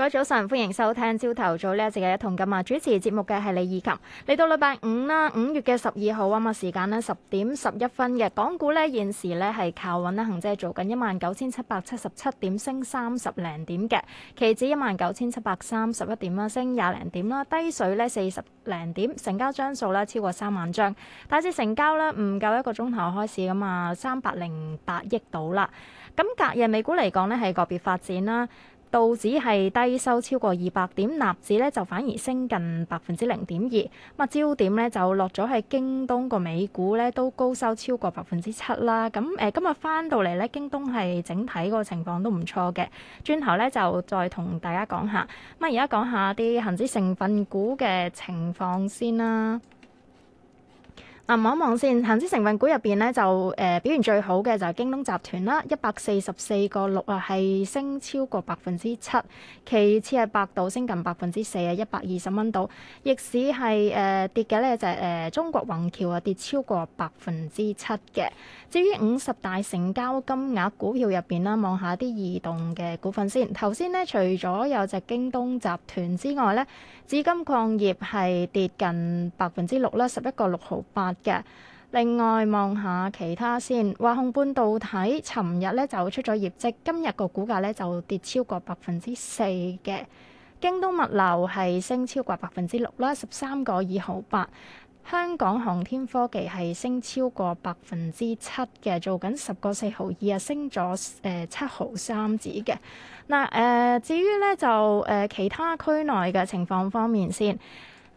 各位早晨，歡迎收聽朝頭早呢一節嘅一桶金咁啊，主持節目嘅係李怡琴。嚟到禮拜五啦，五月嘅十二號啊嘛，時間呢，十點十一分嘅。港股呢，現時呢係靠穩啦，恒指做緊一萬九千七百七十七點，升三十零點嘅。期指一萬九千七百三十一點啦，升廿零點啦。低水呢，四十零點，成交張數呢超過三萬張。大市成交呢唔夠一個鐘頭開市㗎嘛，三百零八億到啦。咁隔日美股嚟講呢，係個別發展啦。道指係低收超過二百點，納指咧就反而升近百分之零點二。咁啊，焦點咧就落咗喺京東，個美股咧都高收超過百分之七啦。咁誒、呃，今日翻到嚟咧，京東係整體個情況都唔錯嘅。轉頭咧就再同大家講下。咁啊，而家講下啲恆指成分股嘅情況先啦。望一望先，恆生成分股入邊咧就誒、呃、表現最好嘅就係京東集團啦，一百四十四個六啊，係升超過百分之七。其次係百度，升近百分之四啊，一百二十蚊度逆市係誒、呃、跌嘅咧就係、是、誒、呃、中國宏橋啊，跌超過百分之七嘅。至於五十大成交金額股票入邊啦，望下啲移動嘅股份先。頭先咧除咗有隻京東集團之外咧，紫金礦業係跌近百分之六啦，十一個六毫八。嘅，另外望下其他先，華虹半導體呢，尋日咧就出咗業績，今日個股價咧就跌超過百分之四嘅。京東物流係升超過百分之六啦，十三個二毫八。香港航天科技係升超過百分之七嘅，做緊十個四毫二啊，升咗誒七毫三指嘅。嗱誒、呃，至於咧就誒、呃、其他區內嘅情況方面先。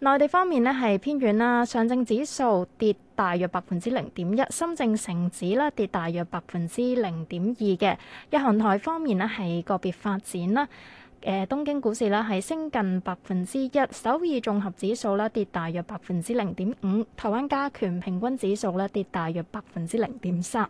內地方面咧係偏軟啦，上證指數跌大約百分之零點一，深證成指咧跌大約百分之零點二嘅。日韓台方面咧係個別發展啦。誒、呃，東京股市咧係升近百分之一，首爾綜合指數咧跌大約百分之零點五，台灣加權平均指數咧跌大約百分之零點三。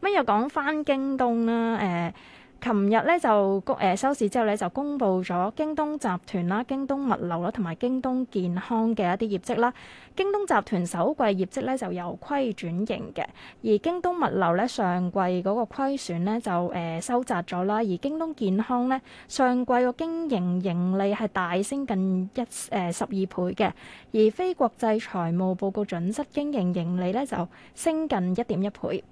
乜又講返京東啦，誒、呃。琴日咧就公、呃、收市之後咧就公佈咗京東集團啦、京東物流啦同埋京東健康嘅一啲業績啦。京東集團首季業績咧就由虧轉盈嘅，而京東物流咧上季嗰個虧損咧就誒、呃、收窄咗啦，而京東健康咧上季個經營盈利係大升近一誒十二倍嘅，而非國際財務報告準則經營盈利咧就升近一點一倍。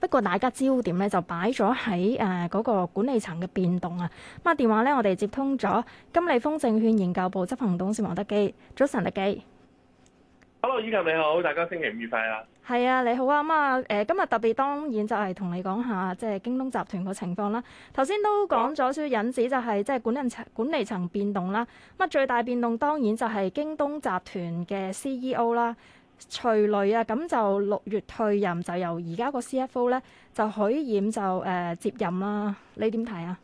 不過大家焦點咧就擺咗喺誒嗰個管理層嘅變動啊！咁啊電話咧我哋接通咗金利豐證券研究部執行董事黃德基，早晨，德基。Hello，Ekin 你好，大家星期五愉快啊！係啊，你好啊！咁啊誒，今日特別當然就係同你講下即係京東集團個情況啦。頭先都講咗少少引子，就係即係管理層管理層變動啦。咁啊最大變動當然就係京東集團嘅 CEO 啦。徐雷啊，咁就六月退任，就由而家個 CFO 咧就許冉就誒、呃、接任啦、啊。你點睇啊？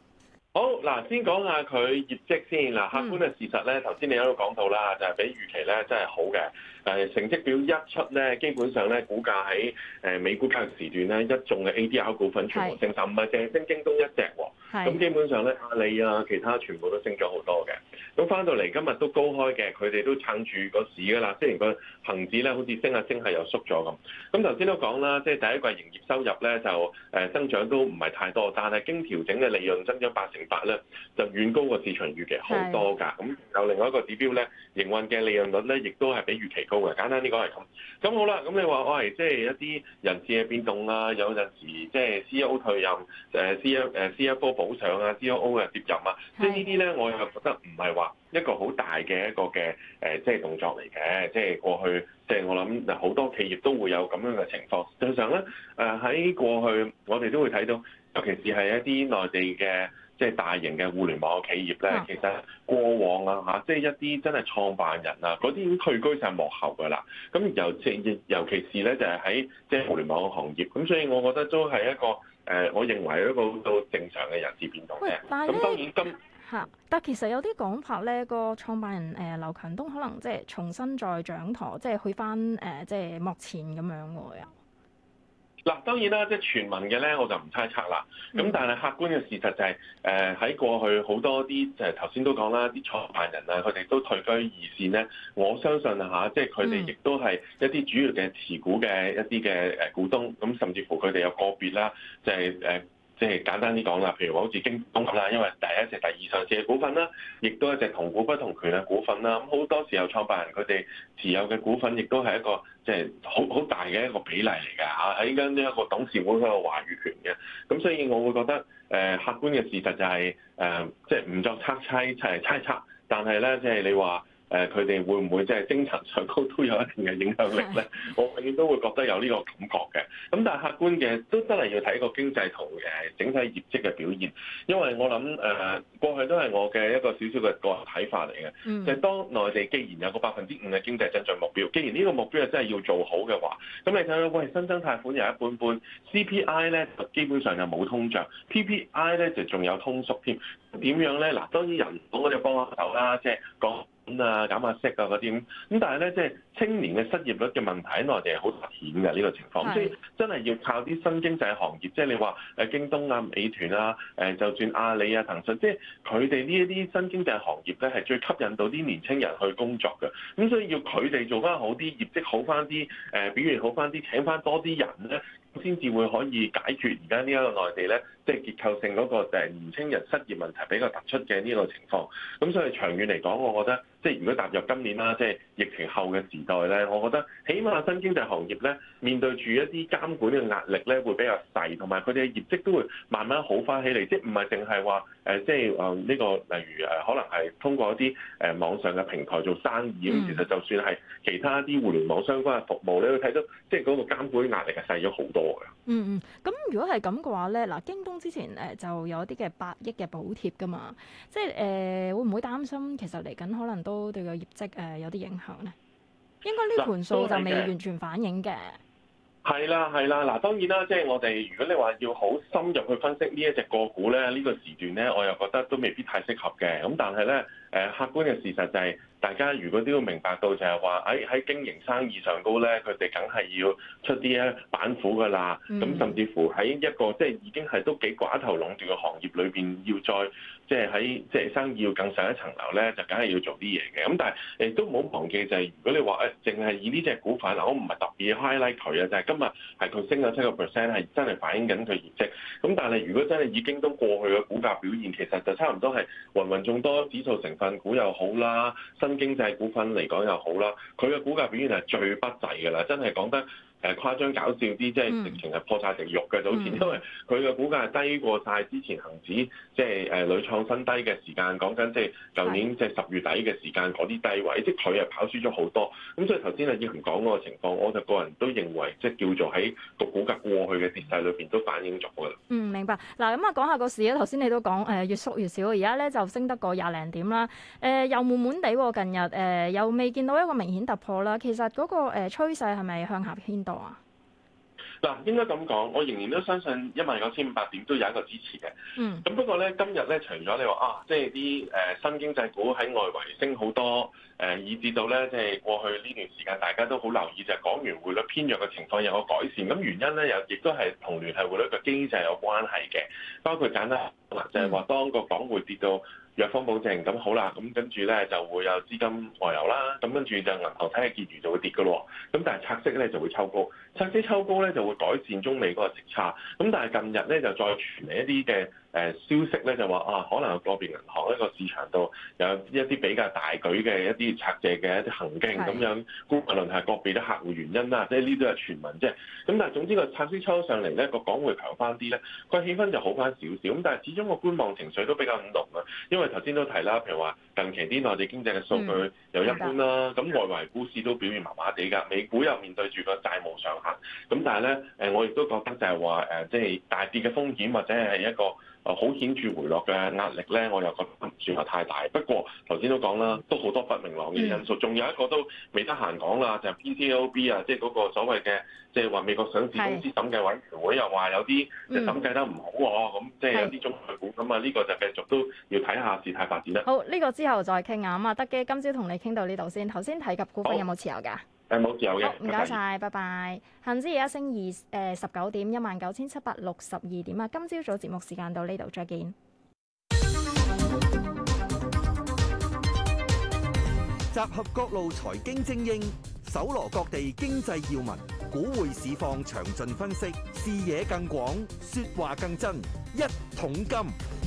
好嗱，先講下佢業績先嗱。客觀嘅事實咧，頭先你都講到啦，就係、是、比預期咧真係好嘅。成績表一出咧，基本上咧股價喺誒美股交易時段咧一眾嘅 ADR 股份全部升曬，唔係淨係升京東一隻喎、哦。咁是基本上咧阿里啊，其他全部都升咗好多嘅。咁翻到嚟今日都高開嘅，佢哋都撐住個市㗎啦。雖然個恒指咧好似升下升，係又縮咗咁。咁頭先都講啦，即係第一季營業收入咧就誒增長都唔係太多，但係經調整嘅利潤增長八成八咧，就遠高過市場預期好多㗎。咁是有另外一個指標咧，營運嘅利潤率咧，亦都係比預期高。簡單啲講係咁，咁好啦。咁你話我係即係一啲人事嘅變動啦。有陣時即係 CEO 退任誒 CF 誒 CFO 補上啊，CEO 嘅接任啊的，即係呢啲咧，我又覺得唔係話一個好大嘅一個嘅誒，即係動作嚟嘅。即係過去，即係我諗好多企業都會有咁樣嘅情況。正常咧，誒喺過去我哋都會睇到，尤其是係一啲內地嘅。即係大型嘅互聯網嘅企業咧，啊、其實過往啊嚇，即、就、係、是、一啲真係創辦人啊，嗰啲已經退居晒幕後㗎啦。咁然尤，尤其是咧，就係喺即係互聯網嘅行業。咁所以我覺得都係一個誒、呃，我認為一個都正常嘅人事變動啫。咁當然今嚇，但係其實有啲講法咧，個創辦人誒，劉強東可能即係重新再掌舵，即、就、係、是、去翻誒即係幕前咁樣嘅樣。嗱，當然啦，即係傳聞嘅咧，我就唔猜測啦。咁但係客觀嘅事實就係，誒喺過去好多啲，就係頭先都講啦，啲創辦人啊，佢哋都退居二線咧。我相信嚇，即係佢哋亦都係一啲主要嘅持股嘅一啲嘅誒股東，咁甚至乎佢哋有個別啦，就係誒。即係簡單啲講啦，譬如話好似京東咁啦，因為第一隻第二上市嘅股份啦，亦都係一隻同股不同權嘅股份啦。咁好多時候創辦人佢哋持有嘅股份，亦都係一個即係好好大嘅一個比例嚟㗎嚇，喺跟呢一個董事會嗰個話語權嘅。咁所以我會覺得，誒，客觀嘅事實就係，誒，即係唔作猜猜猜測，但係咧，即係你話。誒，佢哋會唔會即係精層上高都有一定嘅影響力咧？我永遠都會覺得有呢個感覺嘅。咁但係客觀嘅都真係要睇個經濟同誒整體業績嘅表現。因為我諗誒、呃、過去都係我嘅一個少少嘅個人睇法嚟嘅，就係、當內地既然有個百分之五嘅經濟增長目標，既然呢個目標係真係要做好嘅話，咁你睇到喂新增貸款有一半半，CPI 咧基本上又冇通脹，PPI 咧就仲有通縮添。點樣咧？嗱，當然人行嗰啲幫下手啦，即係講。咁啊，減下息啊嗰啲咁，但係咧，即係青年嘅失業率嘅問題喺內地係好突顯嘅呢個情況，咁是的 所以真係要靠啲新經濟行業，即係你話誒京東啊、美團啊、誒就算阿里啊、騰訊，即係佢哋呢一啲新經濟行業咧，係最吸引到啲年青人去工作嘅，咁所以要佢哋做翻好啲業績好，好翻啲誒表現好翻啲，請翻多啲人咧，先至會可以解決而家呢一個內地咧，即係結構性嗰個誒年青人失業問題比較突出嘅呢個情況。咁所以長遠嚟講，我覺得。即係如果踏入今年啦，即係疫情後嘅時代咧，我覺得起碼新經濟行業咧，面對住一啲監管嘅壓力咧，會比較細，同埋佢哋嘅業績都會慢慢好翻起嚟。即係唔係淨係話誒，即係誒呢個例如誒，可能係通過一啲誒網上嘅平台做生意，嗯、其實就算係其他啲互聯網相關嘅服務咧，都睇到即係嗰個監管壓力係細咗好多嘅、嗯。嗯嗯，咁如果係咁嘅話咧，嗱京東之前誒就有一啲嘅百億嘅補貼㗎嘛，即係誒、呃、會唔會擔心其實嚟緊可能都？都對個業績誒有啲影響咧，應該呢盤數就未完全反映嘅。係啦係啦嗱，當然啦，即係我哋如果你話要好深入去分析呢一隻個股咧，呢個時段咧，我又覺得都未必太適合嘅。咁但係咧，誒，客觀嘅事實就係。大家如果都要明白到就係話喺喺經營生意上高呢，佢哋梗係要出啲咧板斧噶啦。咁、mm hmm. 甚至乎喺一個即係、就是、已經係都幾寡頭壟斷嘅行業裏邊，要再即係喺即係生意要更上一層樓呢，就梗係要做啲嘢嘅。咁但係亦都唔好忘記就係、是，如果你話誒淨係以呢隻股份嗱，我唔係特別 highlight 佢啊，就係、是、今日係佢升咗七個 percent，係真係反映緊佢業績。咁但係如果真係已經都過去嘅股價表現，其實就差唔多係芸芸眾多指數成分股又好啦，經濟股份嚟講又好啦，佢嘅股價表現係最不濟㗎啦，真係講得。誒誇張搞笑啲，即係直情係破晒成獄嘅。早前、嗯、因為佢嘅股價係低過晒之前恒指，即係誒累創新低嘅時間。講緊即係舊年即係十月底嘅時間嗰啲低位，是的 即佢係跑輸咗好多。咁所以頭先阿葉勤講嗰個情況，我就個人都認為，即係叫做喺個股價過去嘅跌勢裏邊都反映咗㗎喇。嗯，明白。嗱咁啊，講下個市啊。頭先你都講誒越縮越少，而家咧就升得過廿零點啦。誒、呃、又悶悶地喎，近日誒、呃、又未見到一個明顯突破啦。其實嗰個誒趨勢係咪向下偏？度啊，嗱應該咁講，我仍然都相信一萬九千五百點都有一個支持嘅。嗯，咁不過咧，今日咧除咗你話啊，即係啲誒新經濟股喺外圍升好多，誒、啊、以至到咧即係過去呢段時間大家都好留意就係港元匯率偏弱嘅情況有個改善，咁原因咧又亦都係同聯繫匯率嘅機制有關係嘅，包括簡單嗱就係話當個港匯跌到。藥方保證咁好啦，咁跟住咧就會有資金外流啦，咁跟住就銀行體系結餘就會跌嘅咯，咁但係拆息咧就會抽高，拆息抽高咧就會改善中美嗰個息差，咁但係近日咧就再傳嚟一啲嘅。誒消息咧就話啊，可能個別銀行一個市場度有一啲比較大舉嘅一啲拆借嘅一啲行徑咁樣，估唔定係個別嘅客戶原因啦，的即係呢啲都係傳聞啫。咁但係總之個拆息抽上嚟咧，個港匯強翻啲咧，佢氣氛就好翻少少。咁但係始終個觀望情緒都比較咁濃啊。因為頭先都提啦，譬如話近期啲內地經濟嘅數據又一般啦，咁、嗯、外圍股市都表現麻麻地㗎，美股又面對住個債務上限。咁但係咧，誒我亦都覺得就係話誒，即、就、係、是、大跌嘅風險或者係一個好顯著回落嘅壓力咧，我又覺得唔算係太大。不過頭先都講啦，都好多不明朗嘅因素。仲有一個都未得閒講啦，就係 P T O B 啊，即係嗰個所謂嘅，即係話美國上市公司審計委員會又話有啲即係審計得唔好喎，咁即係有啲中概股咁啊。呢個就繼續都要睇下事態發展啦。好，呢、呢個之後再傾下。咁、嗯、啊，得嘅，今朝同你傾到呢度先。頭先提及股份有冇持有㗎？有嘅，唔該晒，好拜拜。恒指而家升二誒十九點，一萬九千七百六十二點啊！今朝早節目時間到呢度，再見。集合各路財經精英，搜羅各地經濟要聞，股匯市況詳盡分析，視野更廣，說話更真，一桶金。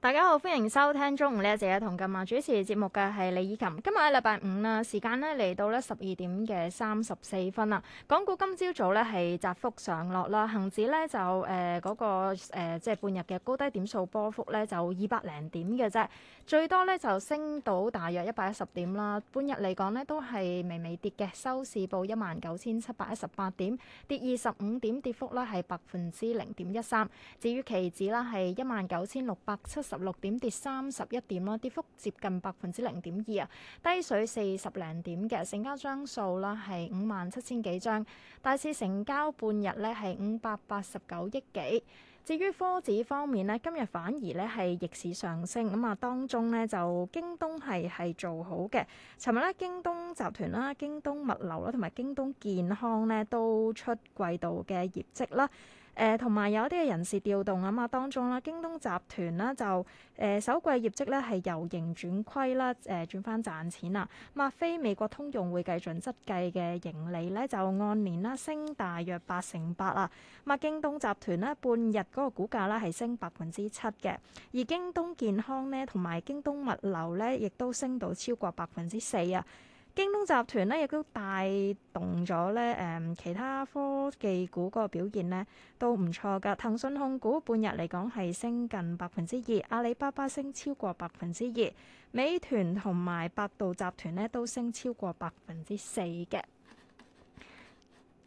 大家好，歡迎收聽中午一桶金，同今日主持節目嘅係李以琴。今日喺禮拜五啦，時間咧嚟到咧十二點嘅三十四分啦。港股今朝早，早呢係窄幅上落啦，恒指呢就誒嗰、呃那個誒、呃、即係半日嘅高低點數波幅呢就二百零點嘅啫，最多呢就升到大約一百一十點啦。半日嚟講呢都係微微跌嘅，收市報一萬九千七百一十八點，跌二十五點，跌幅呢係百分之零點一三。至於期指啦，係一萬九千六百七十六點跌三十一點啦，跌幅接近百分之零點二啊，低水四十零點。嘅成交張數啦係五萬七千幾張，大市成交半日呢係五百八十九億幾。至於科指方面呢，今日反而呢係逆市上升，咁啊當中呢，就京東係係做好嘅。尋日呢，京東集團啦、京東物流啦同埋京東健康呢都出季度嘅業績啦。誒同埋有啲嘅人事調動啊嘛，當中啦，京東集團啦就誒、呃、首季業績咧係由盈轉虧啦，誒、呃、轉翻賺錢啦。嘛非美國通用會計準則計嘅盈利咧就按年啦升大約八成八啊。咁京東集團咧半日嗰個股價啦係升百分之七嘅，而京東健康咧同埋京東物流咧亦都升到超過百分之四啊。京東集團咧，亦都帶動咗咧誒其他科技股嗰個表現咧，都唔錯噶。騰訊控股半日嚟講係升近百分之二，阿里巴巴升超過百分之二，美團同埋百度集團咧都升超過百分之四嘅。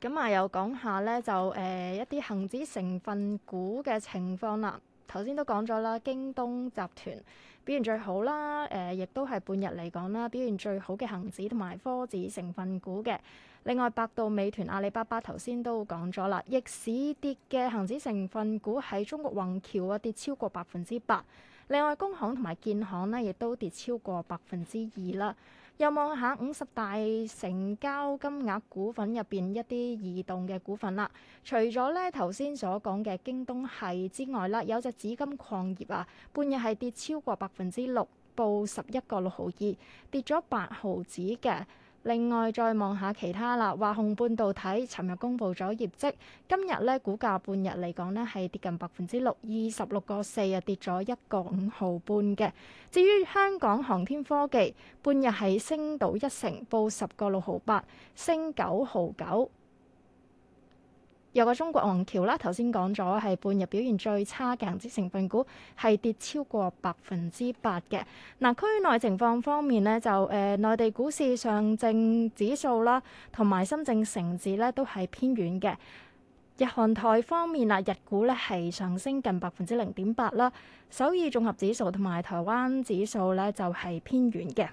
咁、嗯、啊，又講下咧就誒、呃、一啲恒指成分股嘅情況啦。頭先都講咗啦，京東集團表現最好啦，誒、呃，亦都係半日嚟講啦，表現最好嘅恒指同埋科指成分股嘅。另外，百度、美團、阿里巴巴頭先都講咗啦，逆市跌嘅恒指成分股喺中國宏橋啊，跌超過百分之八。另外，工行同埋建行呢亦都跌超過百分之二啦。又望下五十大成交金額股份入邊一啲移動嘅股份啦，除咗咧頭先所講嘅京東系之外啦，有隻紫金礦業啊，半日係跌超過百分之六，報十一個六毫二，跌咗八毫紙嘅。另外再望下其他啦，華虹半導體尋日公布咗業績，今日咧股價半日嚟講咧，係跌近百分之六，二十六個四，係跌咗一個五毫半嘅。至於香港航天科技，半日係升到一成，報十個六毫八，升九毫九。有個中國宏橋啦，頭先講咗係半日表現最差嘅恒指成分股係跌超過百分之八嘅。嗱，區內情況方面呢，就誒內地股市上證指數啦，同埋深證成指呢都係偏軟嘅。日韓台方面啦，日股呢係上升近百分之零點八啦，首爾綜合指數同埋台灣指數呢就係偏軟嘅。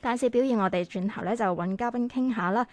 大市表現，我哋轉頭呢，就揾嘉賓傾下啦。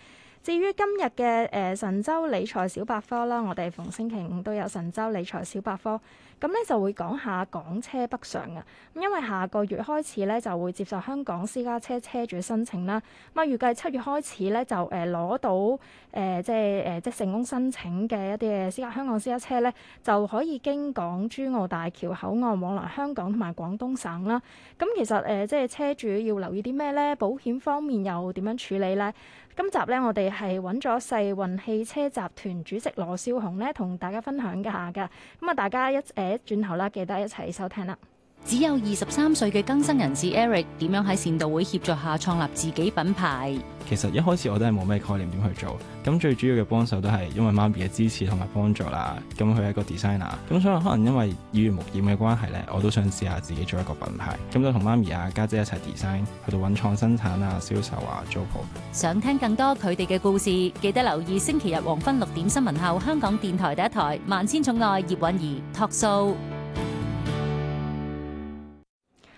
至於今日嘅誒神州理財小百科啦，我哋逢星期五都有神州理財小百科，咁咧就會講下港車北上啊。咁因為下個月開始咧就會接受香港私家車車主申請啦，咁啊預計七月開始咧就誒攞到誒即係誒、呃、即成功申請嘅一啲嘅私家香港私家車咧就可以經港珠澳大橋口岸往來香港同埋廣東省啦。咁其實誒、呃、即係車主要留意啲咩咧？保險方面又點樣處理咧？今集咧，我哋係揾咗世運汽車集團主席羅少雄咧，同大家分享一下嘅。咁啊，大家一誒轉頭啦，記得一齊收聽啦。只有二十三歲嘅更生人士 Eric 點樣喺善導會協助下創立自己品牌？其實一開始我都係冇咩概念點去做，咁最主要嘅幫手都係因為媽咪嘅支持同埋幫助啦。咁佢係一個 designer，咁所以可能因為耳濡目染嘅關係呢，我都想試下自己做一個品牌。咁就同媽咪啊家姐，姐一齊 design，去到揾廠生產啊銷售啊租鋪。想聽更多佢哋嘅故事，記得留意星期日黃昏六點新聞後，香港電台第一台《萬千寵愛葉儀》葉韻儀托數。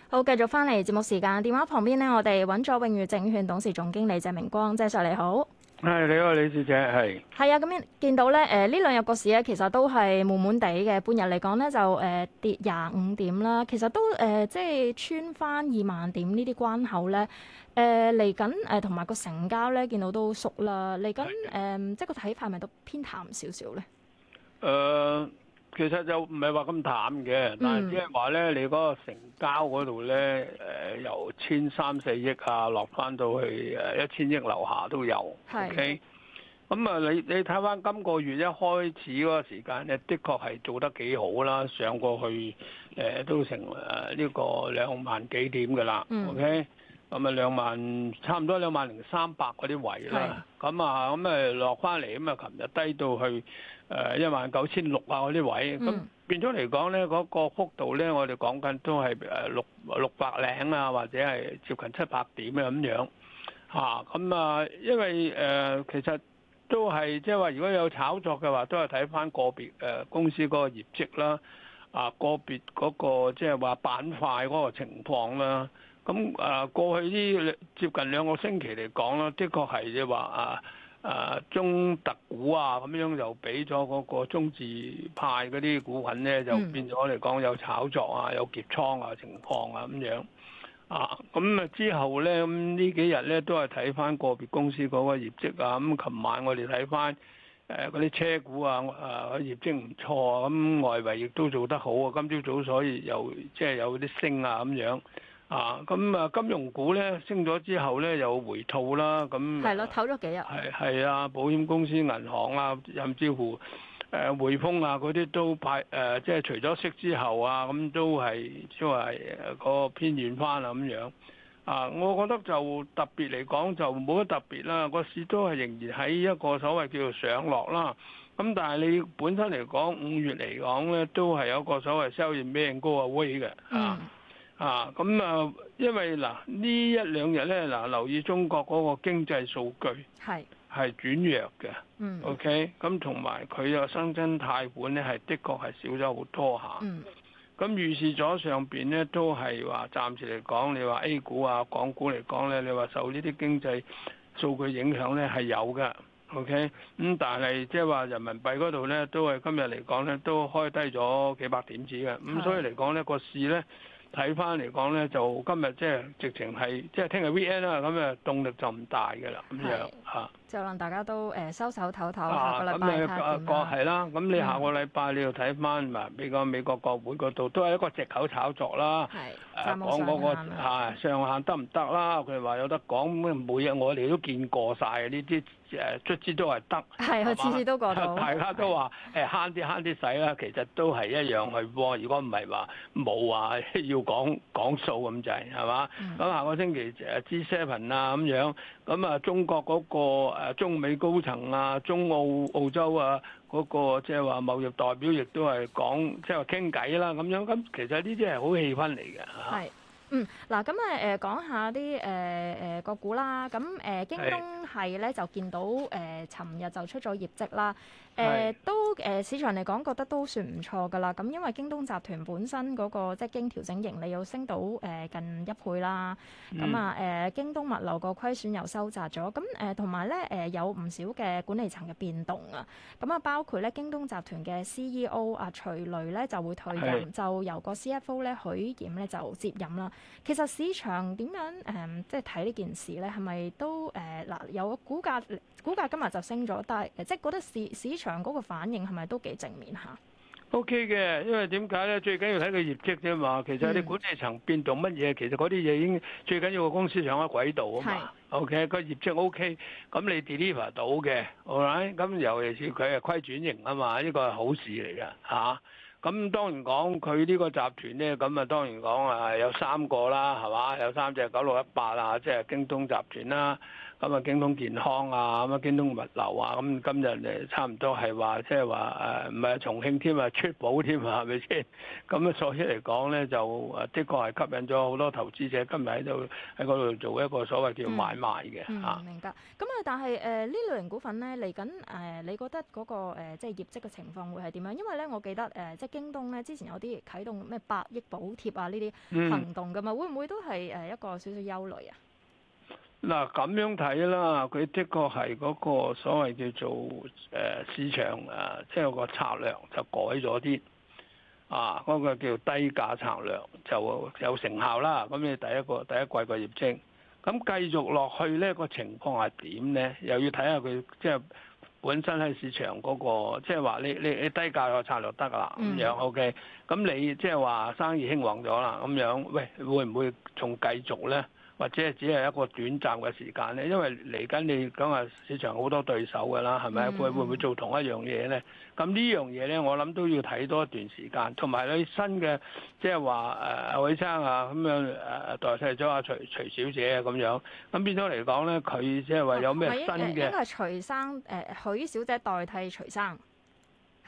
好，繼續翻嚟節目時間，電話旁邊呢，我哋揾咗永裕證券董事總經理謝明光，謝叔你好。係，你好李小姐，係。係啊，咁見到咧，誒、呃、呢兩日個市咧、啊，其實都係悶悶地嘅，半日嚟講咧就誒、呃、跌廿五點啦，其實都誒、呃、即係穿翻二萬點呢啲關口咧，誒嚟緊誒同埋個成交咧見到都熟啦，嚟緊誒即係個睇法咪都偏淡少少咧。誒、呃。其實就唔係話咁淡嘅，但係即係話咧，你嗰個成交嗰度咧，誒、呃、由千三四億啊，落翻到去誒一千億樓下都有。係。OK，咁、嗯、啊，你你睇翻今個月一開始嗰個時間咧，的確係做得幾好啦，上過去誒、呃、都成誒呢、呃呢個兩萬幾點嘅啦。嗯、k、okay? 咁啊，兩萬差唔多兩萬零三百嗰啲位啦，咁啊是，咁啊落翻嚟，咁啊，琴日低到去誒一萬九千六啊嗰啲位，咁變咗嚟講咧，嗰、嗰個幅度咧，我哋講緊都係誒六六百零啊，或者係接近七百點啊。咁樣嚇，咁啊，因為誒、呃、其實都係即係話如果有炒作嘅話，都係睇翻個別誒、呃、公司嗰個業績啦，啊個別嗰、嗰個即係話板塊嗰個情況啦。啊嗯咁啊，過去呢接近兩個星期嚟講啦，的確係即係話啊啊中特股啊咁樣，就俾咗嗰個中字派嗰啲股份咧，就變咗嚟講有炒作啊、有結倉啊情況啊咁樣啊。咁啊，啊之後咧，咁、嗯、呢幾日咧都係睇翻個別公司嗰個業績啊。咁、嗯、琴晚我哋睇翻誒嗰啲車股啊，啊業績唔錯啊。咁、嗯、外圍亦都做得好啊。今朝早所以又即係有啲、就是、升啊咁樣。啊，咁啊，金融股咧升咗之後咧又回吐啦，咁係咯，唞咗幾日，係係啊，保險公司、銀行啊，甚至乎誒、呃、匯豐啊嗰啲都派誒、呃，即係除咗息之後啊，咁都係即係話個偏遠翻啊咁樣。啊，我覺得就特別嚟講就冇乜特別啦，個市都係仍然喺一個所謂叫做上落啦。咁但係你本身嚟講，五月嚟講咧都係有個所謂 Sell in May and go away 嘅啊。嗯啊，咁、嗯、啊，因為嗱呢一兩日咧，嗱留意中國嗰個經濟數據係係轉弱嘅，是 okay? 嗯，OK，咁同埋佢又新增貸款咧係的確係少咗好多下，嗯，咁預、嗯、示咗上邊咧都係話暫時嚟講，你話 A 股啊、港股嚟講咧，你話受呢啲經濟數據影響咧係有嘅，OK，咁、嗯、但係即係話人民幣嗰度咧都係今日嚟講咧都開低咗幾百點子嘅，咁、嗯、是所以嚟講呢個市咧。睇翻嚟講咧，就今日即係直情係，即係聽日 V N 啦，咁啊動力就唔大㗎喇，咁樣嚇。就諗大家都誒、欸、收手唞唞，啊、下個禮拜睇下點。係啦、啊，咁你下個禮拜你要睇翻，咪比如講美國國會嗰度都係一個藉口炒作啦。係是。講嗰個啊上限得唔得啦？佢話有得講，每日我哋都見過曬呢啲誒卒之都係得。係、啊，我次吧次都過得到。大家都話誒慳啲慳啲使啦，其實都係一樣係波。嗯、如果唔係話冇啊，要講講數咁滯係嘛？咁下個星期誒 G7 啊咁樣。咁啊，中國嗰個中美高層啊，中澳澳洲啊，嗰個即係話貿易代表，亦都係講即係話傾偈啦，咁樣咁，其實呢啲係好氣氛嚟嘅嚇。係，嗯，嗱，咁啊誒，講下啲誒誒個股啦，咁誒，京東係咧是就見到誒，尋日就出咗業績啦。誒、呃、都誒、呃、市場嚟講覺得都算唔錯㗎啦，咁因為京東集團本身嗰、那個即係經調整盈利又升到誒、呃、近一倍啦，咁、嗯、啊誒、呃、京東物流個虧損又收窄咗，咁誒同埋咧誒有唔、呃、少嘅管理層嘅變動啊，咁啊包括咧京東集團嘅 CEO 啊徐雷咧就會退任，是的 就由個 CFO 咧許冉咧就接任啦。其實市場點樣誒、嗯、即係睇呢件事咧，係咪都誒嗱、呃、有股價股價今日就升咗，但係即係覺得市市場。上嗰個反應係咪都幾正面嚇？O K 嘅，因為點解咧？最緊要睇個業績啫嘛。其實你管理層變動乜嘢，其實嗰啲嘢已經最緊要個公司上咗軌道啊嘛。O K，個業績 O K，咁你 deliver 到嘅 alright 咁尤其是佢係虧轉盈啊嘛，呢、這個係好事嚟嘅嚇。咁、啊、當然講佢呢個集團咧，咁啊當然講啊有三個啦，係嘛？有三隻九六一八啊，即、就、係、是、京東集團啦。咁啊，京東健康啊，咁啊，京東物流啊，咁今日誒差唔多係話，即係話誒唔係重慶添啊，出保添啊，係咪先？咁啊，所以嚟講咧，就誒的確係吸引咗好多投資者今日喺度喺嗰度做一個所謂叫買賣嘅嚇。嗯嗯。明白。咁啊，但係誒呢類型股份咧嚟緊誒，你覺得嗰，那個即係、呃就是、業績嘅情況會係點樣？因為咧，我記得誒即係京東咧之前有啲啟動咩百億補貼啊呢啲行動噶嘛，嗯、會唔會都係誒一個少少憂慮啊？嗱咁樣睇啦，佢的確係嗰個所謂叫做誒市場啊，即係個策略就改咗啲啊，嗰個叫低價策略就有成效啦。咁你第一個第一季個業績，咁繼續落去呢個情況係點呢？又要睇下佢即係本身喺市場嗰個即係話你你你低價個策略得㗎喇咁樣 OK。咁你即係話生意興旺咗啦，咁樣喂會唔會仲繼續呢？或者係只係一個短暫嘅時間咧，因為嚟緊你講話市場好多對手㗎啦，係咪、mm, 會會唔會做同一樣嘢咧？咁、嗯、呢樣嘢咧，我諗都要睇多一段時間。同埋你新嘅即係話誒，阿偉生啊咁樣誒代替咗阿徐徐小姐啊咁樣。咁變咗嚟講咧，佢即係話有咩新嘅？應該係徐生誒，許小姐代替徐生。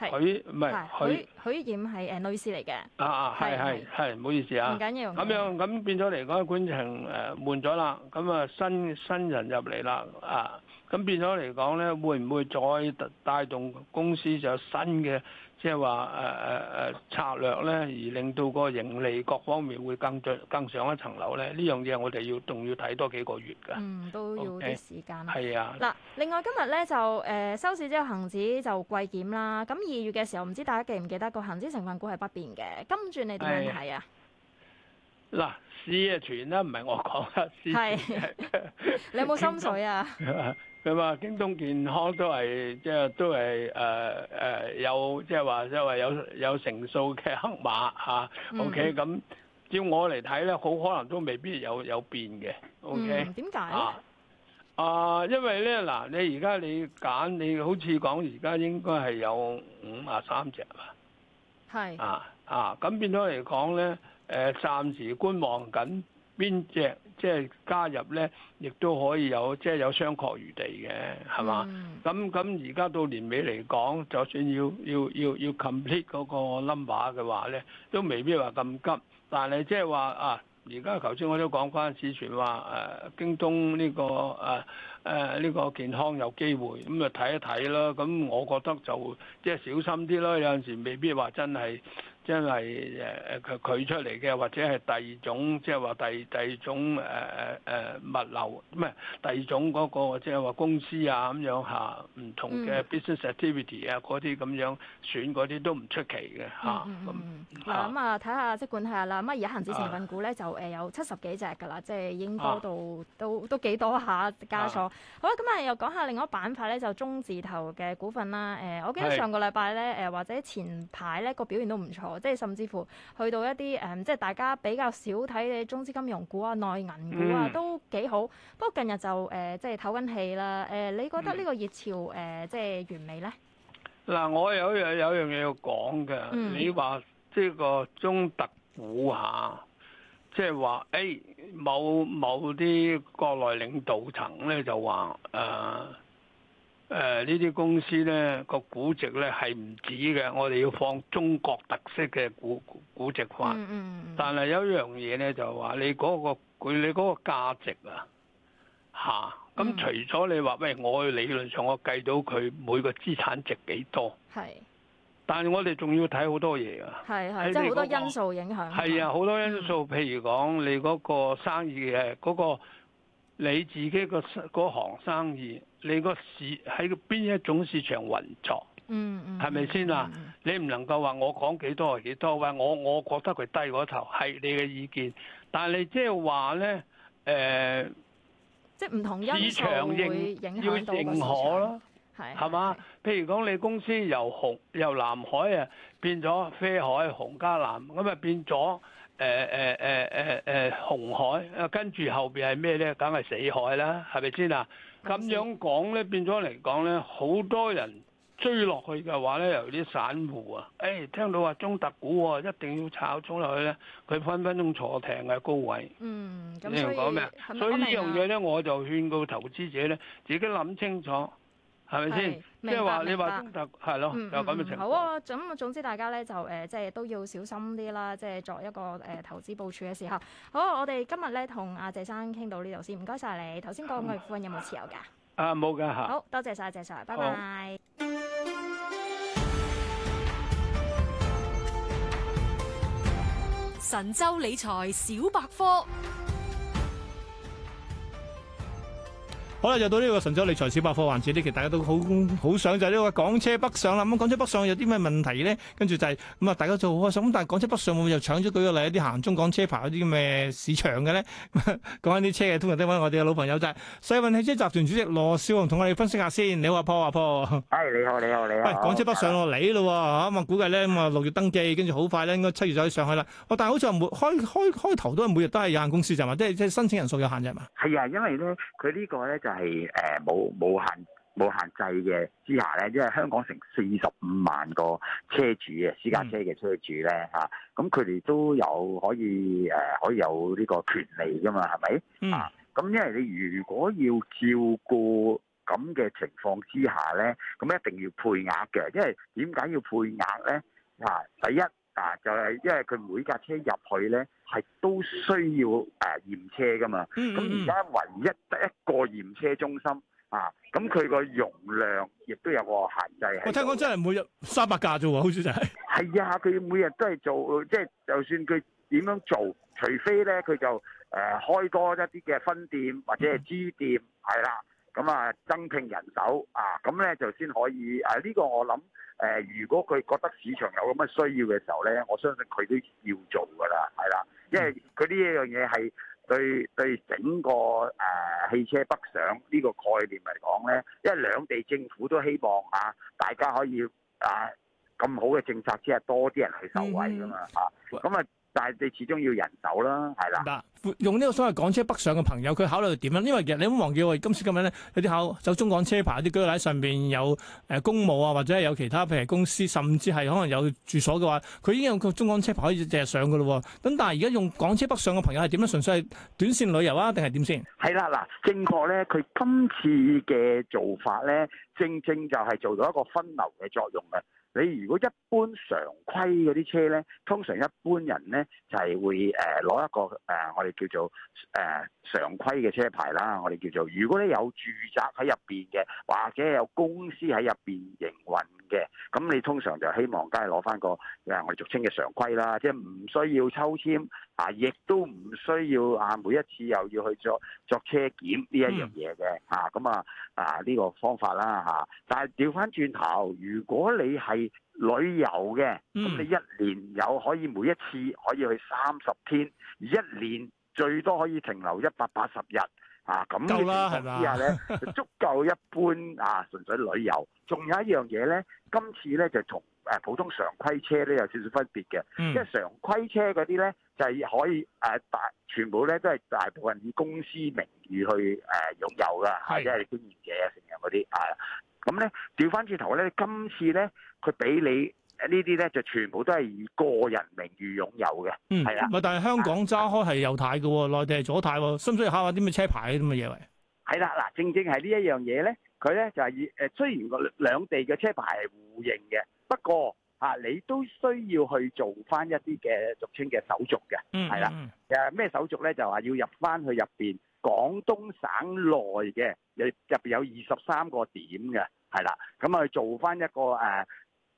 許唔係許，許豔係誒女士嚟嘅。啊啊，係係係，唔好意思啊。唔緊要。咁容易 樣咁變咗嚟講，管程誒換咗啦。咁啊，新新人入嚟啦。啊，咁變咗嚟講咧，會唔會再帶動公司就有新嘅？即係話誒誒誒策略咧，而令到個盈利各方面會更進更上一層樓咧，呢樣嘢我哋要仲要睇多幾個月㗎。嗯，都要啲時間。係啊。嗱，另外今日咧就誒、呃、收市之後，恆指就貴檢啦。咁二月嘅時候，唔知大家記唔記得個恆指成分股係不變嘅。跟住你點樣睇啊？嗱，市就傳啦，唔係我講啊。係。是的 你有冇心水啊？ 咁啊，京東健康都係即係都係誒誒有即係話即係話有有成數嘅黑馬嚇，O K 咁，照、啊嗯 okay, 我嚟睇咧，好可能都未必有有變嘅，O K 點解啊？啊，因為咧嗱，你而家你揀，你好似講而家應該係有五啊三隻嘛，係啊啊，咁變咗嚟講咧，誒暫時觀望緊邊隻？即係加入咧，亦都可以有，即係有商榷餘地嘅，係嘛？咁咁而家到年尾嚟講，就算要要要要 complete 嗰個 number 嘅話咧，都未必話咁急。但係即係話啊，而家頭先我都講翻市傳話誒、啊，京東呢、呢個誒誒呢個健康有機會，咁啊睇一睇咯。咁我覺得就即係、就係、小心啲咯，有陣時未必話真係。真係誒誒佢出嚟嘅，或者係第二種即係話第第二種誒誒誒物流唔係第二種嗰個即係話公司啊，咁樣嚇唔同嘅 business activity 啊，嗰啲咁樣選嗰啲都唔出奇嘅，嚇。咁啊咁啊睇下即管睇下啦。咁而家恆指成分股咧就誒有七十幾隻㗎啦，即係已經多到都都幾多下加咗。好啦，咁啊又講下另一個板塊咧，就中字頭嘅股份啦。誒，我記得上個禮拜咧誒或者前排咧個表現都唔錯。即係甚至乎去到一啲誒、嗯，即係大家比較少睇嘅中資金融股啊、內銀股啊，都幾好。不過近日就誒、呃，即係唞緊氣啦。誒、呃，你覺得呢個熱潮誒，即係完未咧？嗱、呃，我有樣有樣嘢要講嘅。嗯、你話即係個中特股下，即係話誒，某某啲國內領導層咧就話誒。呃誒、呢啲公司咧個估值咧係唔止嘅，我哋要放中國特色嘅估估值法。嗯，但係有一樣嘢咧就係話你嗰、那個佢你嗰個價值啊，嚇、啊！咁、嗯嗯、除咗你話喂，我理論上我計到佢每個資產值幾多？係是。但係我哋仲要睇好多嘢啊，係係。即係好多因素影響。係啊，好、嗯、多因素，譬如講你嗰個生意誒嗰、那個。你自己個行生意，你個市喺邊一種市場運作，嗯嗯，係咪先啊？吧嗯嗯、你唔能夠話我講幾多係幾多，喂，我我覺得佢低嗰頭係你嘅意見，但係你即係話咧，誒、呃，即係唔同因素應會影響到個市場咯，係係嘛？吧譬如講你公司由紅由藍海啊變咗啡海、紅加藍，咁啊變咗。誒誒誒誒誒紅海，啊跟住後邊係咩咧？梗係死海啦，係咪先啊？咁、嗯、樣講咧，變咗嚟講咧，好多人追落去嘅話咧，有啲散戶啊，誒、哎、聽到話中特股喎、哦，一定要炒衝落去咧，佢分分鐘坐艇嘅高位。嗯，咁所以你、啊、所以呢樣嘢咧，我就勸告投資者咧，自己諗清楚。係咪先？即係話你話通達係咯，有咁嘅情況。好啊，咁啊，總之大家咧就誒、呃，即係都要小心啲啦，即係作一個誒、呃、投資部署嘅時候。好、啊，我哋今日咧同阿謝生傾到呢度先，唔該晒你。頭先講嘅富人有冇持有噶、啊？啊，冇噶吓。好多謝晒，謝生。拜拜。好神州理財小百科。好啦，又到呢個神州理財小百貨環節呢期大家都好好想就係呢個港車北上啦。咁港車北上有啲咩問題咧？跟住就係咁啊，大家就好開心。但係港車北上會唔會又搶咗舉個例，一啲行中港車牌嗰啲咁嘅市場嘅咧？講緊啲車嘅，通常都揾我哋嘅老朋友就係世運汽車集團主席羅少雄，同我哋分析下先。你話破啊破？誒，你好，你好，你好。喂，港車北上、啊、我嚟啦喎咁啊，估計咧咁啊，六月登記，跟住好快咧，應該七月就可以上去啦、啊。但係好似係每開開開,開頭都係每日都係有限公司就係嘛？即係即係申請人數有限制嘛？係啊，因為咧佢呢個咧就。係，誒冇冇限、冇限制嘅之下咧，因為香港成四十五萬個車主嘅私家車嘅車主咧吓，咁佢哋都有可以誒，可以有呢個權利㗎嘛，係咪？嗯。咁因為你如果要照顧咁嘅情況之下咧，咁一定要配額嘅，因為點解要配額咧？嗱，第一。啊！就係、是、因為佢每架車入去咧，係都需要誒、呃、驗車噶嘛。咁而家唯一得一個驗車中心啊，咁佢個容量亦都有個限制。我聽講真係每日三百架啫喎，好似就係、是。係 啊，佢每日都係做，即、就、係、是、就算佢點樣做，除非咧佢就誒、呃、開多一啲嘅分店或者係支店，係啦、嗯。咁啊，增聘人手啊，咁咧就先可以啊。呢個我諗誒、啊，如果佢覺得市場有咁嘅需要嘅時候咧，我相信佢都要做噶啦，係啦，因為佢呢一樣嘢係對對整個誒、啊、汽車北上呢個概念嚟講咧，因為兩地政府都希望啊，大家可以啊咁好嘅政策，之下多啲人去受惠噶嘛，吓咁、mm hmm. 啊。但係你始終要人手啦，係啦。嗱，用呢個所謂港車北上嘅朋友，佢考慮點啊？因為其實你唔好忘記喎，今次咁樣咧有啲考走中港車牌，啲居禮上邊有誒公務啊，或者係有其他譬如公司，甚至係可能有住所嘅話，佢已經用個中港車牌可以直接上嘅咯。咁但係而家用港車北上嘅朋友係點咧？純粹係短線旅遊啊，定係點先？係啦，嗱，正確咧，佢今次嘅做法咧，正正就係做到一個分流嘅作用嘅。你如果一般常規嗰啲車咧，通常一般人咧就係、是、會誒攞、呃、一個誒、呃、我哋叫做誒、呃、常規嘅車牌啦，我哋叫做，如果你有住宅喺入邊嘅，或者有公司喺入邊營運。嘅，咁你通常就希望梗係攞翻個，誒我哋俗稱嘅常規啦，即係唔需要抽籤，啊，亦都唔需要啊每一次又要去做做車檢呢一樣嘢嘅，嚇、嗯，咁啊，啊呢、啊這個方法啦嚇、啊，但係調翻轉頭，如果你係旅遊嘅，咁、嗯、你一年有可以每一次可以去三十天，一年最多可以停留一百八十日。啊，咁夠啦，係嘛？之下咧，足夠一般啊，純粹旅遊。仲有一樣嘢咧，今次咧就同誒普通常規車咧有少少分別嘅，即、嗯、為常規車嗰啲咧就係、是、可以誒大、啊、全部咧都係大部分以公司名義去誒、啊、擁有㗎，是或者係專業者成日嗰啲啊。咁咧調翻轉頭咧，今次咧佢俾你。呢啲咧就全部都係以個人名譽擁有嘅，嗯，係啊，唔但係香港揸開係右太軚嘅喎，內地係左軚喎，需唔需要考下啲咩車牌啲咁嘅嘢嚟？係啦，嗱，正正係呢一樣嘢咧，佢咧就係以誒，雖然兩地嘅車牌係互認嘅，不過嚇、啊、你都需要去做翻一啲嘅俗稱嘅手續嘅，嗯，係、嗯、啦，誒咩、啊、手續咧？就話要入翻去入邊廣東省內嘅，面有入邊有二十三個點嘅，係啦，咁啊做翻一個誒。嗯嗯嗯嗯嗯嗯嗯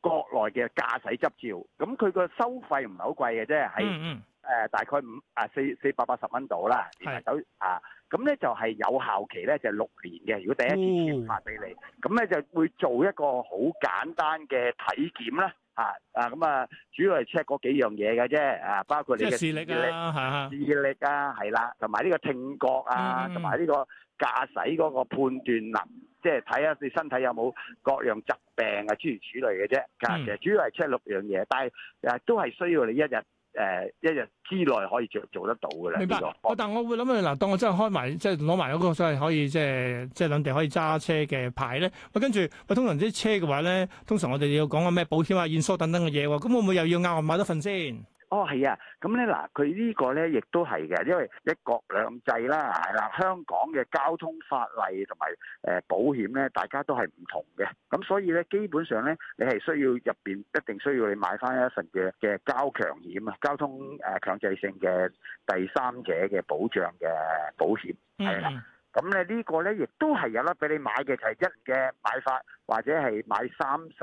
國內嘅駕駛執照，咁佢個收費唔係好貴嘅啫，喺誒、mm hmm. 呃、大概五啊四四百八十蚊到啦，連手是啊，咁咧就係有效期咧就是、六年嘅。如果第一次發俾你，咁咧、mm hmm. 就會做一個好簡單嘅體檢啦，嚇啊咁啊，啊，主要係 check 嗰幾樣嘢嘅啫，啊包括你嘅視力啦、視力啊、係啦、啊，同埋呢個聽覺啊，同埋呢個駕駛嗰個判斷能力。即係睇下你身體有冇各樣疾病啊，諸如此類嘅啫，其實主要係 check 六樣嘢，但係誒都係需要你一日誒、呃、一日之內可以做做得到嘅咧。明白。但係我會諗啊，嗱，當我真係開埋即係攞埋嗰個真係可以即係即係兩地可以揸車嘅牌咧，我跟住我通常啲車嘅話咧，通常我哋要講下咩保險啊、驗收等等嘅嘢喎，咁會唔會又要額外買多份先？哦，係啊，咁咧嗱，佢呢個咧亦都係嘅，因為一國兩制啦，係啦，香港嘅交通法例同埋誒保險咧，大家都係唔同嘅，咁所以咧，基本上咧，你係需要入面一定需要你買翻一份嘅嘅交強險啊，交通誒強制性嘅第三者嘅保障嘅保險，係啦、嗯嗯，咁咧、啊、呢個咧亦都係有得俾你買嘅，就係一嘅買法或者係買三十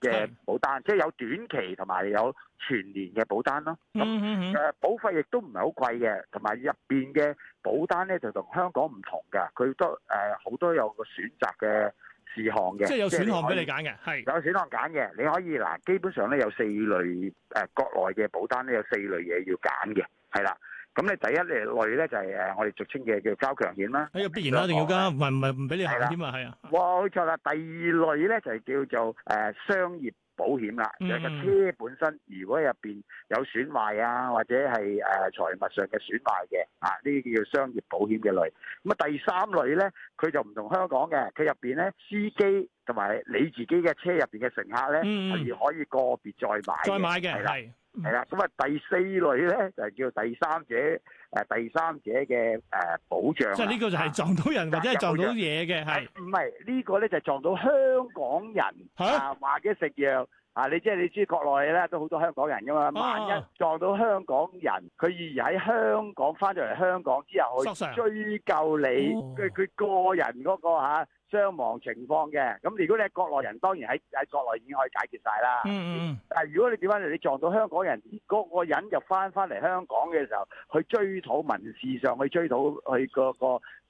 嘅保單，即係有短期同埋有全年嘅保單咯。咁誒、嗯，保費亦都唔係好貴嘅，同埋入邊嘅保單咧就同香港唔同㗎，佢都誒好、呃、多有個選擇嘅事項嘅。即係有選項俾你揀嘅，係有選項揀嘅，你可以嗱，基本上咧有四類誒、呃、國內嘅保單咧有四類嘢要揀嘅，係啦。咁咧，你第一類咧就係誒，我哋俗稱嘅叫交強險啦。哎呀，必然啦、啊，一定要加，唔係唔係唔俾你行添的啊，係啊。哇，冇錯啦。第二類咧就係叫做誒、呃、商業保險啦，嗯、就係個車本身如果入邊有損壞啊，或者係誒、呃、財物上嘅損壞嘅，啊呢啲叫商業保險嘅類。咁、嗯、啊，嗯、第三類咧，佢就唔同香港嘅，佢入邊咧司機同埋你自己嘅車入邊嘅乘客咧，係、嗯、可以個別再買。再買嘅，係。係啦，咁啊、嗯、第四類咧就係叫第三者誒，第三者嘅誒保障，即係呢個就係撞到人或者係撞到嘢嘅，係唔係呢個咧就係撞到香港人啊，或者食藥啊，你即係你知國內啦，都好多香港人噶嘛，萬一撞到香港人，佢而喺香港翻咗嚟，香港之後去追究你，佢佢、啊、個人嗰、嗰個吓。啊傷亡情況嘅，咁如果你係國內人，當然喺喺國內已經可以解決晒啦。嗯，嗯嗯。但係如果你調翻嚟，你撞到香港人，嗰、那個人就翻翻嚟香港嘅時候，去追討民事上，去追討佢嗰個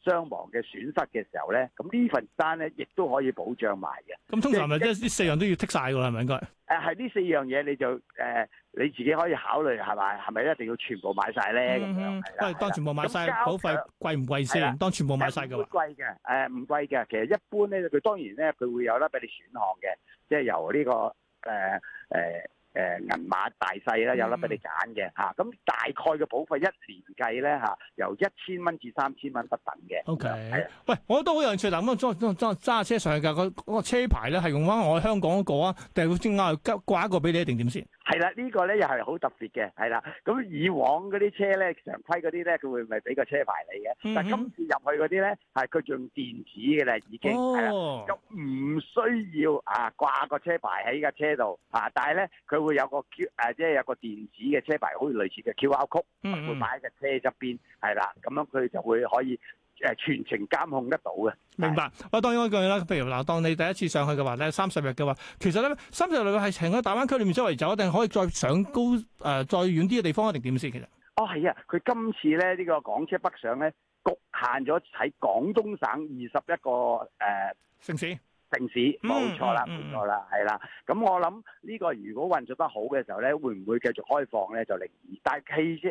傷亡嘅損失嘅時候咧，咁呢份單咧亦都可以保障埋嘅。咁、嗯、以通常咪即係呢四樣都要剔晒噶啦，係咪應該？誒、呃，係呢四樣嘢你就誒。呃你自己可以考慮係咪？係咪一定要全部買晒咧？咁樣係啦，的當全部買晒，保、嗯、費的貴唔貴先？的當全部買晒嘅話，唔貴嘅。誒、呃、唔貴嘅。其實一般咧，佢當然咧，佢會有得俾你選項嘅，即係由呢、呢個誒誒。呃呃誒銀碼大細啦，有得俾你揀嘅嚇。咁大概嘅保費一年計咧嚇，由一千蚊至三千蚊不等嘅。O K。喂，我都好有趣，嗱，咁揸揸揸車上去㗎嗰個車牌咧，係用翻我香港嗰個啊，定係要嗌掛一個俾你一定點先？係啦，呢個咧又係好特別嘅，係啦。咁以往嗰啲車咧，常規嗰啲咧，佢會咪俾個車牌你嘅。但係今次入去嗰啲咧，係佢用電子嘅啦，已經係啦。咁唔需要啊，掛個車牌喺架車度嚇。但係咧，佢。會有個 Q 誒、呃，即係有個電子嘅車牌，好似類似嘅 Q R code，嗯、會擺喺個車側邊，係啦。咁樣佢就會可以誒全程監控得到嘅。明白。我的、啊、當然我講句啦，譬如嗱，當你第一次上去嘅話，你三十日嘅話，其實咧三十日嘅係喺大灣區裏面周圍走，一定可以再上高誒、呃，再遠啲嘅地方，一定點先？其實哦，係啊，佢今次咧呢、呢個港車北上咧，局限咗喺廣東省二十一個誒、呃、城市。城市冇錯啦，冇錯啦，係啦。咁我諗呢個如果運作得好嘅時候呢，會唔會繼續開放呢？就另議。但係汽車、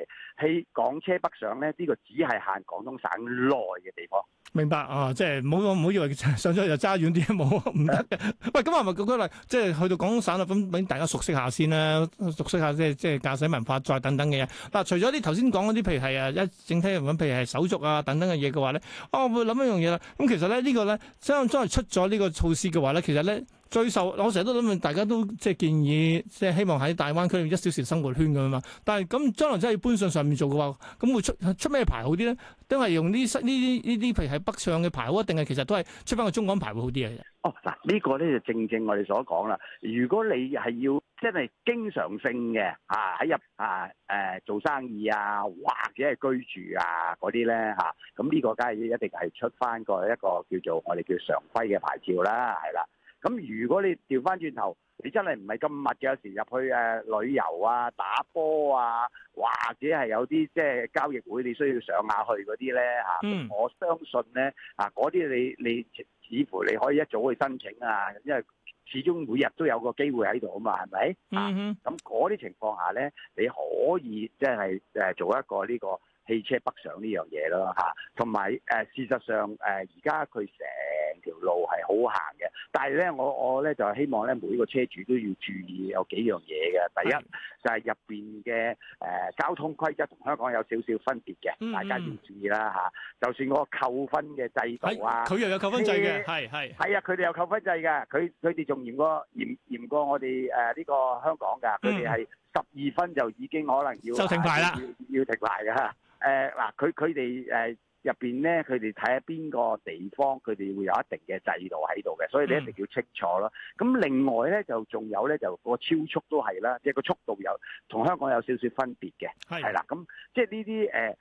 港車北上呢，呢、呢個只係限廣東省內嘅地方。明白啊，哦！即係唔好唔好以為上咗去就揸遠啲冇唔得嘅。喂，咁啊，咪係咁佢嚟，即係去到廣東省啊，咁畀大家熟悉下先啦，熟悉下即係即係駕駛文化，再等等嘅嘢。嗱，除咗啲頭先講嗰啲，譬如係啊，一整體入面譬如係手續啊，等等嘅嘢嘅話咧，哦，我會諗一樣嘢啦。咁其實咧呢，呢個咧，將將出咗呢個措施嘅話咧，其實咧。最受我成日都諗問，大家都即係建議，即係希望喺大灣區一小時生活圈咁啊嘛。但係咁將來真係搬上上面做嘅話，咁會出出咩牌好啲咧？都係用呢呢呢啲譬如喺北上嘅牌好啊，定係其實都係出翻個中港牌會好啲嘅？哦，嗱，呢個咧就正正我哋所講啦。如果你係要真係經常性嘅啊喺入啊誒做生意啊或者係居住啊嗰啲咧嚇，咁呢個梗係一定係出翻個一個叫做我哋叫常規嘅牌照啦，係啦。咁如果你調翻轉頭，你真係唔係咁密嘅，有時入去誒旅遊啊、打波啊，或者係有啲即係交易會，你需要上下去嗰啲咧嚇。嗯、我相信咧，啊嗰啲你你似乎你可以一早去申請啊，因為始終每日都有個機會喺度啊嘛，係咪？咁嗰啲情況下咧，你可以即係誒做一個呢、呢個。汽車北上呢樣嘢咯嚇，同埋誒事實上誒而家佢成條路係好行嘅，但係咧我我咧就希望咧每一個車主都要注意有幾樣嘢嘅。第一就係入邊嘅誒交通規則同香港有少少分別嘅，大家要注意啦嚇。就算個扣分嘅制度啊，佢又有扣分制嘅，係係係啊，佢哋有扣分制嘅，佢佢哋仲嚴過嚴嚴過我哋誒呢個香港㗎，佢哋係十二分就已經可能要收停牌啦，要停牌嘅嚇。誒，嗱、呃，佢佢哋誒入邊咧，佢哋睇下邊個地方，佢哋會有一定嘅制度喺度嘅，所以你一定要清楚咯。咁、嗯、另外咧，就仲有咧，就個超速都係啦，即係個速度有同香港有少少分別嘅，係啦的。咁即係呢啲誒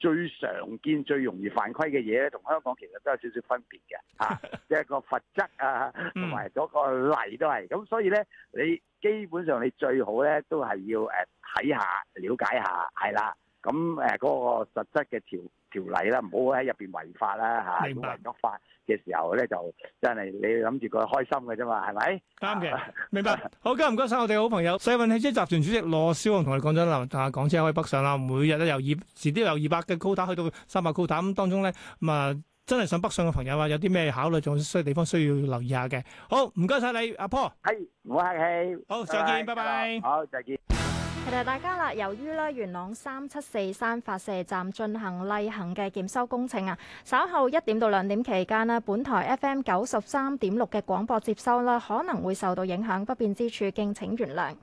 最常見、最容易犯規嘅嘢咧，同香港其實都有少少分別嘅，吓，即係個罰則啊，同埋嗰個例、啊嗯、都係。咁所以咧，你基本上你最好咧，都係要誒睇下、了解下，係啦。咁誒嗰個實質嘅條條例啦，唔好喺入邊違法啦嚇，唔好違咗法嘅時候咧，就真係你諗住佢開心嘅啫嘛，係咪？啱嘅，明白。好，今日唔該晒我哋好朋友世運汽車集團主席羅少雄同你講咗啦，但係港車可以北上啦，每日有200，時都由二遲啲由二百嘅高達去到三百高達，咁當中咧咁啊真係想北上嘅朋友啊，有啲咩考慮，仲需地方需要留意下嘅。好，唔該晒你，阿坡。係，唔好客氣。好，再見，拜拜。好，再見。提大家啦，由於咧元朗三七四三發射站進行例行嘅檢修工程啊，稍後一點到兩點期間咧，本台 FM 九十三點六嘅廣播接收咧可能會受到影響，不便之處敬請原諒。